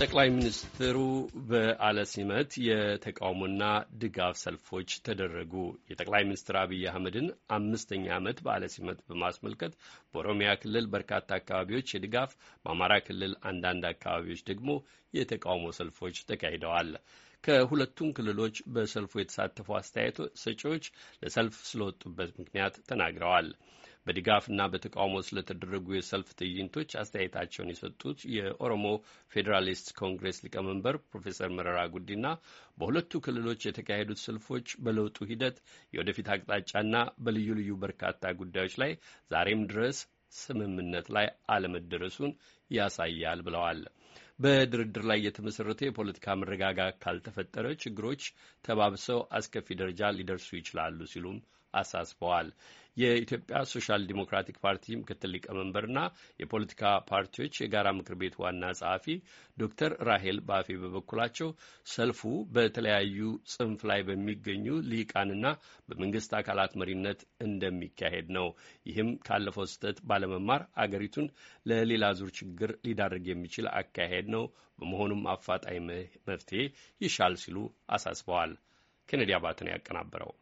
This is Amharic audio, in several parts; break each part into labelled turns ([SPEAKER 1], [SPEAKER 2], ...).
[SPEAKER 1] ጠቅላይ ሚኒስትሩ በዓለ ሲመት የተቃውሞና ድጋፍ ሰልፎች ተደረጉ። የጠቅላይ ሚኒስትር አብይ አህመድን አምስተኛ ዓመት በዓለ ሲመት በማስመልከት በኦሮሚያ ክልል በርካታ አካባቢዎች የድጋፍ በአማራ ክልል አንዳንድ አካባቢዎች ደግሞ የተቃውሞ ሰልፎች ተካሂደዋል። ከሁለቱም ክልሎች በሰልፉ የተሳተፉ አስተያየት ሰጪዎች ለሰልፍ ስለወጡበት ምክንያት ተናግረዋል። በድጋፍና በተቃውሞ ስለተደረጉ የሰልፍ ትዕይንቶች አስተያየታቸውን የሰጡት የኦሮሞ ፌዴራሊስት ኮንግሬስ ሊቀመንበር ፕሮፌሰር መረራ ጉዲና በሁለቱ ክልሎች የተካሄዱት ሰልፎች በለውጡ ሂደት የወደፊት አቅጣጫና በልዩ ልዩ በርካታ ጉዳዮች ላይ ዛሬም ድረስ ስምምነት ላይ አለመደረሱን ያሳያል ብለዋል። በድርድር ላይ የተመሰረተ የፖለቲካ መረጋጋት ካልተፈጠረ ችግሮች ተባብሰው አስከፊ ደረጃ ሊደርሱ ይችላሉ ሲሉም አሳስበዋል። የኢትዮጵያ ሶሻል ዲሞክራቲክ ፓርቲ ምክትል ሊቀመንበርና የፖለቲካ ፓርቲዎች የጋራ ምክር ቤት ዋና ጸሐፊ ዶክተር ራሄል ባፌ በበኩላቸው ሰልፉ በተለያዩ ጽንፍ ላይ በሚገኙ ሊቃንና በመንግስት አካላት መሪነት እንደሚካሄድ ነው። ይህም ካለፈው ስህተት ባለመማር አገሪቱን ለሌላ ዙር ችግር ሊዳርግ የሚችል አካሄድ ነው። በመሆኑም አፋጣኝ መፍትሄ ይሻል ሲሉ አሳስበዋል። ኬኔዲ አባትን ያቀናብረው። ያቀናበረው።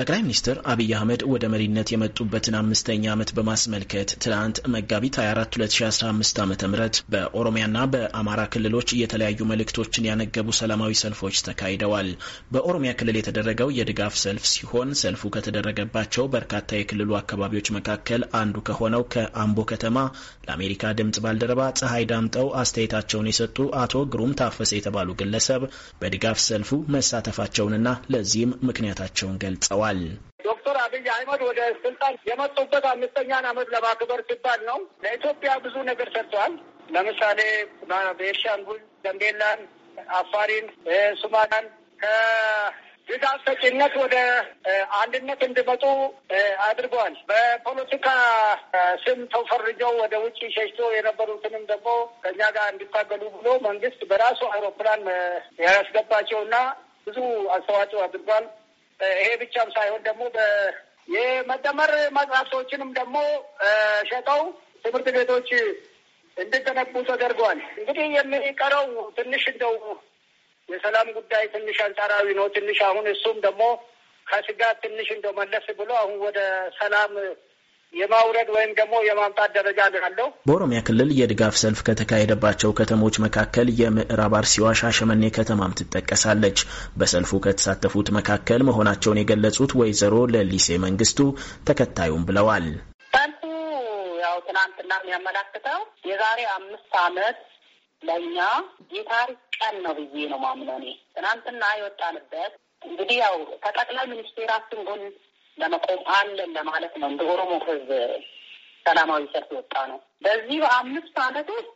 [SPEAKER 2] ጠቅላይ ሚኒስትር አብይ አህመድ ወደ መሪነት የመጡበትን አምስተኛ ዓመት በማስመልከት ትናንት መጋቢት 24 2015 ዓ ም በኦሮሚያና በአማራ ክልሎች የተለያዩ መልእክቶችን ያነገቡ ሰላማዊ ሰልፎች ተካሂደዋል። በኦሮሚያ ክልል የተደረገው የድጋፍ ሰልፍ ሲሆን ሰልፉ ከተደረገባቸው በርካታ የክልሉ አካባቢዎች መካከል አንዱ ከሆነው ከአምቦ ከተማ ለአሜሪካ ድምፅ ባልደረባ ፀሐይ ዳምጠው አስተያየታቸውን የሰጡ አቶ ግሩም ታፈሰ የተባሉ ግለሰብ በድጋፍ ሰልፉ መሳተፋቸውንና ለዚህም ምክንያታቸውን ገልጸዋል። ገልጸዋል።
[SPEAKER 3] ዶክተር አብይ አህመድ ወደ ስልጣን የመጡበት አምስተኛን አመት ለማክበር ሲባል ነው። ለኢትዮጵያ ብዙ ነገር ሰርተዋል። ለምሳሌ ቤንሻንጉል፣ ጋምቤላን፣ አፋሪን፣ ሱማሊያን ከግዛት ሰጪነት ወደ አንድነት እንዲመጡ አድርገዋል። በፖለቲካ ስም ተፈርጀው ወደ ውጭ ሸሽቶ የነበሩትንም ደግሞ ከእኛ ጋር እንዲታገሉ ብሎ መንግስት በራሱ አውሮፕላን ያስገባቸውና ብዙ አስተዋጽኦ አድርጓል። ይሄ ብቻም ሳይሆን ደግሞ የመደመር ሰዎችንም ደግሞ ሸጠው ትምህርት ቤቶች እንዲገነቡ ተደርጓል። እንግዲህ የሚቀረው ትንሽ እንደው የሰላም ጉዳይ ትንሽ አንጻራዊ ነው። ትንሽ አሁን እሱም ደግሞ ከስጋት ትንሽ እንደው መለስ ብሎ አሁን ወደ ሰላም የማውረድ ወይም ደግሞ የማምጣት ደረጃ አለው።
[SPEAKER 2] በኦሮሚያ ክልል የድጋፍ ሰልፍ ከተካሄደባቸው ከተሞች መካከል የምዕራብ አርሲዋ ሻሸመኔ ከተማም ትጠቀሳለች። በሰልፉ ከተሳተፉት መካከል መሆናቸውን የገለጹት ወይዘሮ ለሊሴ መንግስቱ ተከታዩም ብለዋል።
[SPEAKER 3] ሰልፉ ያው ትናንትና የሚያመላክተው የዛሬ አምስት ዓመት ለእኛ የታሪክ ቀን ነው ብዬ ነው ማምነው እኔ ትናንትና የወጣንበት እንግዲህ ያው ከጠቅላይ ሚኒስቴራችን ጎን ለመቆም አለን ለማለት ነው። እንደ ኦሮሞ ህዝብ ሰላማዊ ሰልፍ ወጣ ነው። በዚህ በአምስት ዓመት ውስጥ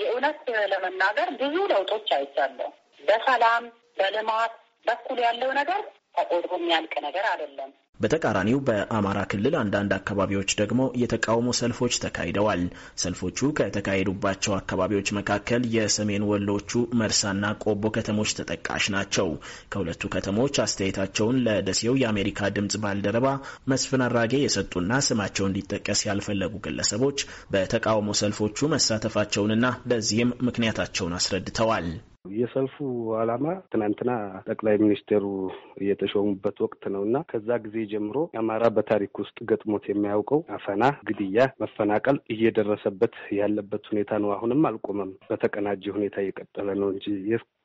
[SPEAKER 3] የእውነት ለመናገር ብዙ ለውጦች አይቻለሁ። በሰላም በልማት በኩል ያለው ነገር ተቆጥሮ የሚያልቅ ነገር አይደለም።
[SPEAKER 2] በተቃራኒው በአማራ ክልል አንዳንድ አካባቢዎች ደግሞ የተቃውሞ ሰልፎች ተካሂደዋል። ሰልፎቹ ከተካሄዱባቸው አካባቢዎች መካከል የሰሜን ወሎቹ መርሳና ቆቦ ከተሞች ተጠቃሽ ናቸው። ከሁለቱ ከተሞች አስተያየታቸውን ለደሴው የአሜሪካ ድምፅ ባልደረባ መስፍን አራጌ የሰጡና ስማቸው እንዲጠቀስ ያልፈለጉ ግለሰቦች በተቃውሞ ሰልፎቹ መሳተፋቸውንና ለዚህም ምክንያታቸውን አስረድተዋል።
[SPEAKER 1] የሰልፉ ዓላማ ትናንትና ጠቅላይ ሚኒስትሩ የተሾሙበት ወቅት ነው እና ከዛ ጊዜ ጀምሮ አማራ በታሪክ ውስጥ ገጥሞት የሚያውቀው አፈና፣ ግድያ፣ መፈናቀል እየደረሰበት ያለበት ሁኔታ ነው። አሁንም አልቆመም። በተቀናጀ ሁኔታ እየቀጠለ ነው እንጂ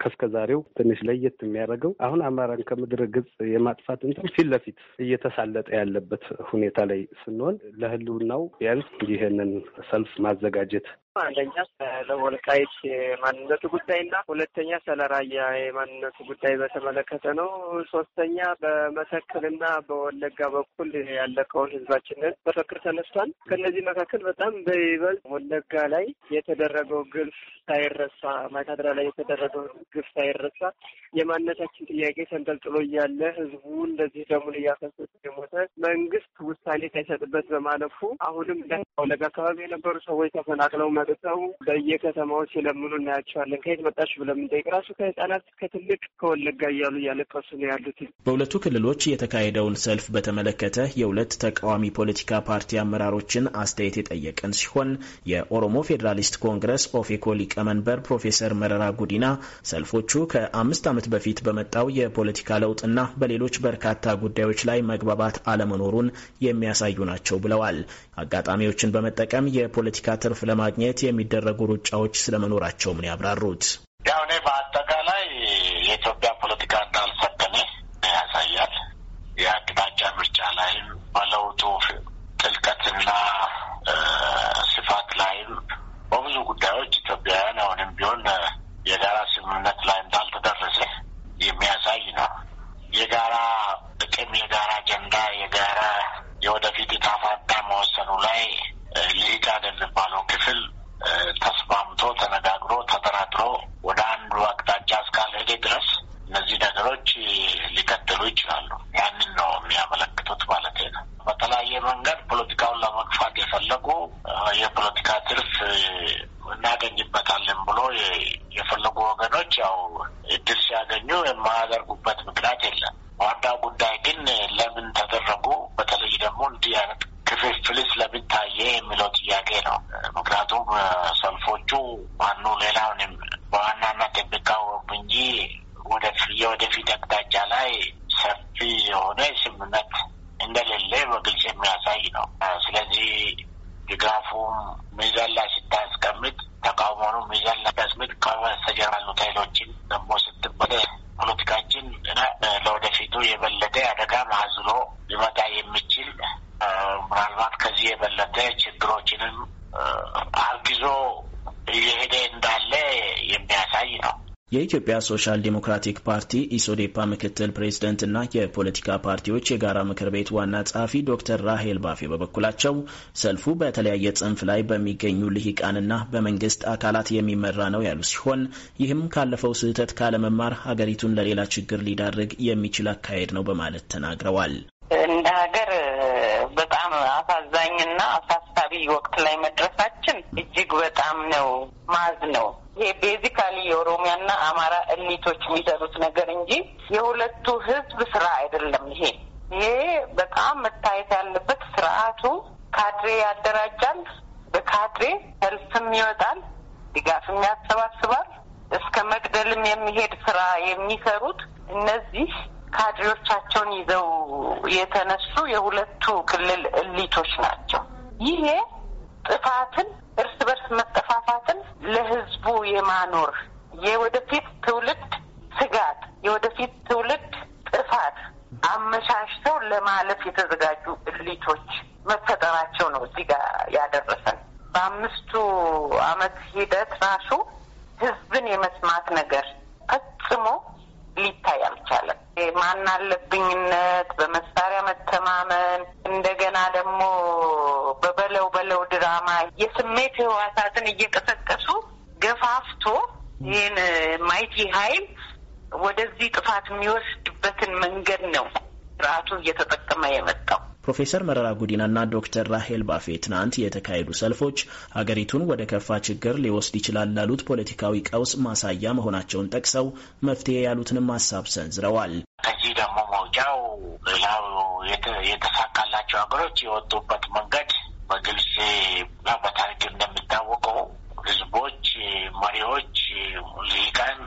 [SPEAKER 1] ከስከ ዛሬው ትንሽ ለየት የሚያደርገው አሁን አማራን ከምድረ ገጽ የማጥፋት እንትን ፊት ለፊት እየተሳለጠ ያለበት ሁኔታ ላይ ስንሆን ለህልውናው ቢያንስ ይህንን ሰልፍ ማዘጋጀት አንደኛ ስለ የማንነቱ ጉዳይ ጉዳይና ሁለተኛ ስለ ራያ የማንነቱ ጉዳይ በተመለከተ ነው። ሶስተኛ በመተከልና በወለጋ በኩል ያለቀውን ህዝባችንን በፍቅር ተነስቷል። ከእነዚህ መካከል በጣም በይበልጥ ወለጋ ላይ የተደረገው ግፍ ሳይረሳ፣ ማይካድራ ላይ የተደረገው ግፍ ሳይረሳ የማንነታችን ጥያቄ ተንጠልጥሎ እያለ ህዝቡ እንደዚህ ደሙን እያፈሰሰ የሞተ መንግስት ውሳኔ ሳይሰጥበት በማለፉ አሁንም ወለጋ አካባቢ የነበሩ ሰዎች ተፈናቅለው መጥተው በየከተማው ሲለምኑ እናያቸዋለን። ከየት መጣችሁ ብለን የምንጠይቅ ራሱ ከህጻናት ትልቅ ከወለጋ እያሉ እያለቀሱ ነው ያሉት።
[SPEAKER 2] በሁለቱ ክልሎች የተካሄደውን ሰልፍ በተመለከተ የሁለት ተቃዋሚ ፖለቲካ ፓርቲ አመራሮችን አስተያየት የጠየቀን ሲሆን የኦሮሞ ፌዴራሊስት ኮንግረስ ኦፌኮ ሊቀመንበር ፕሮፌሰር መረራ ጉዲና ሰልፎቹ ከአምስት ዓመት በፊት በመጣው የፖለቲካ ለውጥና በሌሎች በርካታ ጉዳዮች ላይ መግባባት አለመኖሩን የሚያሳዩ ናቸው ብለዋል። አጋጣሚዎችን በመጠቀም የፖለቲካ ትርፍ ለማግኘት ለማየት የሚደረጉ ሩጫዎች ስለመኖራቸው ምን ያብራሩት።
[SPEAKER 4] ያው እኔ በአጠቃላይ የኢትዮጵያ ፖለቲካ እንዳልሰከነ ያሳያል። የአቅጣጫ ምርጫ ላይም በለውጡ የፈለጉ ወገኖች ያው እድል ሲያገኙ የማያደርጉበት ምክንያት የለም። ዋና ጉዳይ ግን ለምን ተደረጉ፣ በተለይ ደግሞ እንዲህ አይነት ክፍፍልስ ለምን ታየ የሚለው ጥያቄ ነው። ምክንያቱም ሰልፎቹ ማኑ ሌላውንም በዋናነት የሚቃወሙ እንጂ የወደፊት አቅጣጫ ላይ ሰፊ የሆነ ስምምነት እንደሌለ በግልጽ የሚያሳይ ነው። ስለዚህ ድጋፉም ሚዛን ላይ
[SPEAKER 2] አርግዞ እየሄደ እንዳለ የሚያሳይ ነው። የኢትዮጵያ ሶሻል ዴሞክራቲክ ፓርቲ ኢሶዴፓ ምክትል ፕሬዝደንትና የፖለቲካ ፓርቲዎች የጋራ ምክር ቤት ዋና ጸሐፊ ዶክተር ራሄል ባፌ በበኩላቸው ሰልፉ በተለያየ ጽንፍ ላይ በሚገኙ ልሂቃንና በመንግስት አካላት የሚመራ ነው ያሉ ሲሆን ይህም ካለፈው ስህተት ካለመማር ሀገሪቱን ለሌላ ችግር ሊዳርግ የሚችል አካሄድ ነው በማለት ተናግረዋል። እንደ ሀገር
[SPEAKER 3] በጣም አሳዛኝና አብይ ወቅት ላይ መድረሳችን እጅግ በጣም ነው ማዝ ነው። ይሄ ቤዚካሊ የኦሮሚያና አማራ እሊቶች የሚሰሩት ነገር እንጂ የሁለቱ ህዝብ ስራ አይደለም። ይሄ ይሄ በጣም መታየት ያለበት ስርዓቱ ካድሬ ያደራጃል፣ በካድሬ ሰልፍም ይወጣል፣ ድጋፍም ያሰባስባል፣ እስከ መግደልም የሚሄድ ስራ የሚሰሩት እነዚህ ካድሬዎቻቸውን ይዘው የተነሱ የሁለቱ ክልል እሊቶች ናቸው። ይሄ ጥፋትን፣ እርስ በርስ መጠፋፋትን ለህዝቡ የማኖር የወደፊት ትውልድ ስጋት፣ የወደፊት ትውልድ ጥፋት አመሻሽተው ለማለፍ የተዘጋጁ እሊቶች መፈጠራቸው ነው እዚህ ጋር ያደረሰን። በአምስቱ አመት ሂደት ራሱ ህዝብን የመስማት ነገር ፈጽሞ ሊታይ አልቻለም። ማናለብኝነት፣ በመሳሪያ መተማመን እንደገና ደግሞ የስሜት ህዋሳትን እየቀሰቀሱ ገፋፍቶ ይህን ማይቲ ኃይል ወደዚህ ጥፋት የሚወስድበትን መንገድ ነው ስርዓቱ እየተጠቀመ የመጣው።
[SPEAKER 2] ፕሮፌሰር መረራ ጉዲናና ዶክተር ራሄል ባፌ ትናንት የተካሄዱ ሰልፎች ሀገሪቱን ወደ ከፋ ችግር ሊወስድ ይችላል ላሉት ፖለቲካዊ ቀውስ ማሳያ መሆናቸውን ጠቅሰው መፍትሄ ያሉትንም ሀሳብ ሰንዝረዋል።
[SPEAKER 4] ከዚህ ደግሞ መውጫው ያው የተሳካላቸው ሀገሮች የወጡበት መንገድ በግልጽ በታሪክ እንደሚታወቀው ህዝቦች፣ መሪዎች፣ ሊቃን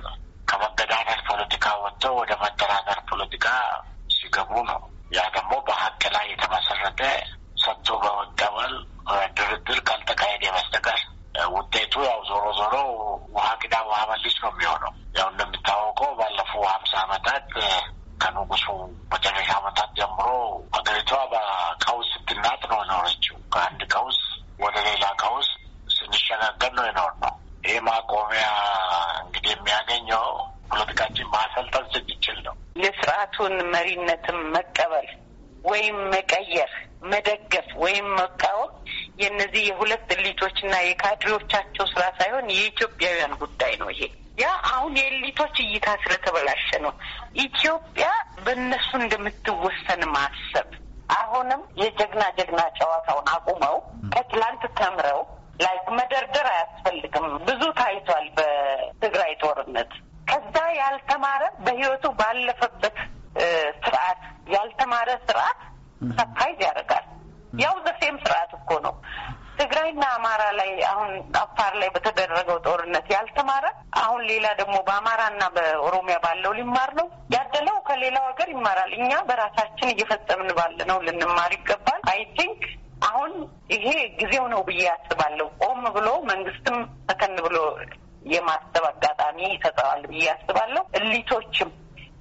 [SPEAKER 4] ከመገዳደር ፖለቲካ ወጥተው ወደ መደራደር ፖለቲካ ሲገቡ ነው። ያ ደግሞ በሀቅ ላይ የተመሰረተ ሰጥቶ በመቀበል ድርድር ካልተካሄደ በስተቀር ውጤቱ ያው ዞሮ ዞሮ ውሃ ቅዳ ውሃ መልስ ነው የሚሆነው። ያው እንደሚታወቀው ባለፉ ሀምሳ ዓመታት ከንጉሱ መጨረሻ ዓመታት ጀምሮ ሀገሪቷ በቀውስ ስትናጥ ነው የኖረች። ከአንድ ቀውስ ወደ ሌላ ቀውስ ስንሸጋገር ነው የኖር ነው። ይህ ማቆሚያ እንግዲህ የሚያገኘው ፖለቲካችን ማሰልጠን ስንችል ነው።
[SPEAKER 3] የስርዓቱን መሪነትም መቀበል ወይም መቀየር፣ መደገፍ ወይም መቃወም የእነዚህ የሁለት እሊቶችና የካድሬዎቻቸው ስራ ሳይሆን የኢትዮጵያውያን ጉዳይ ነው። ይሄ ያ አሁን የእሊቶች እይታ ስለተበላሸ ነው። ኢትዮጵያ በእነሱ እንደምትወሰን ማሰብ አሁንም የጀግና ጀግና ጨዋታውን አቁመው ከትላንት ተምረው ላይክ መደርደር አያስፈልግም። ብዙ ታይቷል በትግራይ ጦርነት። ከዛ ያልተማረ በህይወቱ ባለፈበት ስርዓት ያልተማረ ስርዓት ሰፕራይዝ ያደርጋል። ያው ዘሴም ስርዓት እኮ ነው። ትግራይና አማራ ላይ አሁን አፋር ላይ በተደረገው ጦርነት ያልተማረ አሁን ሌላ ደግሞ በአማራና በኦሮሚያ ባለው ሊማር ነው ያደለው። ከሌላው ሀገር ይማራል። እኛ በራሳችን እየፈጸምን ባለ ነው ልንማር ይገባል። አይ ቲንክ አሁን ይሄ ጊዜው ነው ብዬ አስባለሁ። ቆም ብሎ መንግስትም ተከን ብሎ የማሰብ አጋጣሚ ይሰጠዋል ብዬ አስባለሁ። እሊቶችም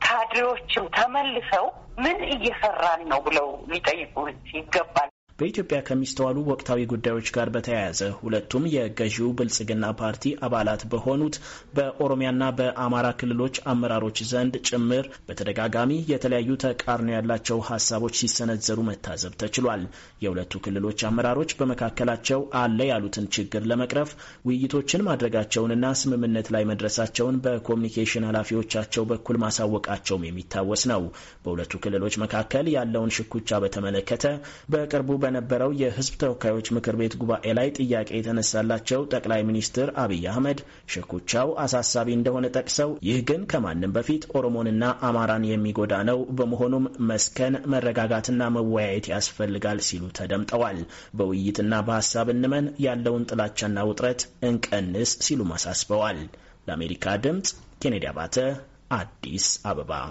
[SPEAKER 3] ካድሬዎችም ተመልሰው ምን እየሰራን ነው ብለው ሊጠይቁ ይገባል።
[SPEAKER 2] በኢትዮጵያ ከሚስተዋሉ ወቅታዊ ጉዳዮች ጋር በተያያዘ ሁለቱም የገዢው ብልጽግና ፓርቲ አባላት በሆኑት በኦሮሚያና በአማራ ክልሎች አመራሮች ዘንድ ጭምር በተደጋጋሚ የተለያዩ ተቃርኖ ያላቸው ሀሳቦች ሲሰነዘሩ መታዘብ ተችሏል። የሁለቱ ክልሎች አመራሮች በመካከላቸው አለ ያሉትን ችግር ለመቅረፍ ውይይቶችን ማድረጋቸውንና ስምምነት ላይ መድረሳቸውን በኮሚኒኬሽን ኃላፊዎቻቸው በኩል ማሳወቃቸውም የሚታወስ ነው። በሁለቱ ክልሎች መካከል ያለውን ሽኩቻ በተመለከተ በቅርቡ በ በነበረው የህዝብ ተወካዮች ምክር ቤት ጉባኤ ላይ ጥያቄ የተነሳላቸው ጠቅላይ ሚኒስትር አብይ አህመድ ሽኩቻው አሳሳቢ እንደሆነ ጠቅሰው ይህ ግን ከማንም በፊት ኦሮሞንና አማራን የሚጎዳ ነው፣ በመሆኑም መስከን መረጋጋትና መወያየት ያስፈልጋል ሲሉ ተደምጠዋል። በውይይትና በሀሳብ እንመን፣ ያለውን ጥላቻና ውጥረት እንቀንስ ሲሉ አሳስበዋል። ለአሜሪካ ድምፅ ኬኔዲ አባተ አዲስ አበባ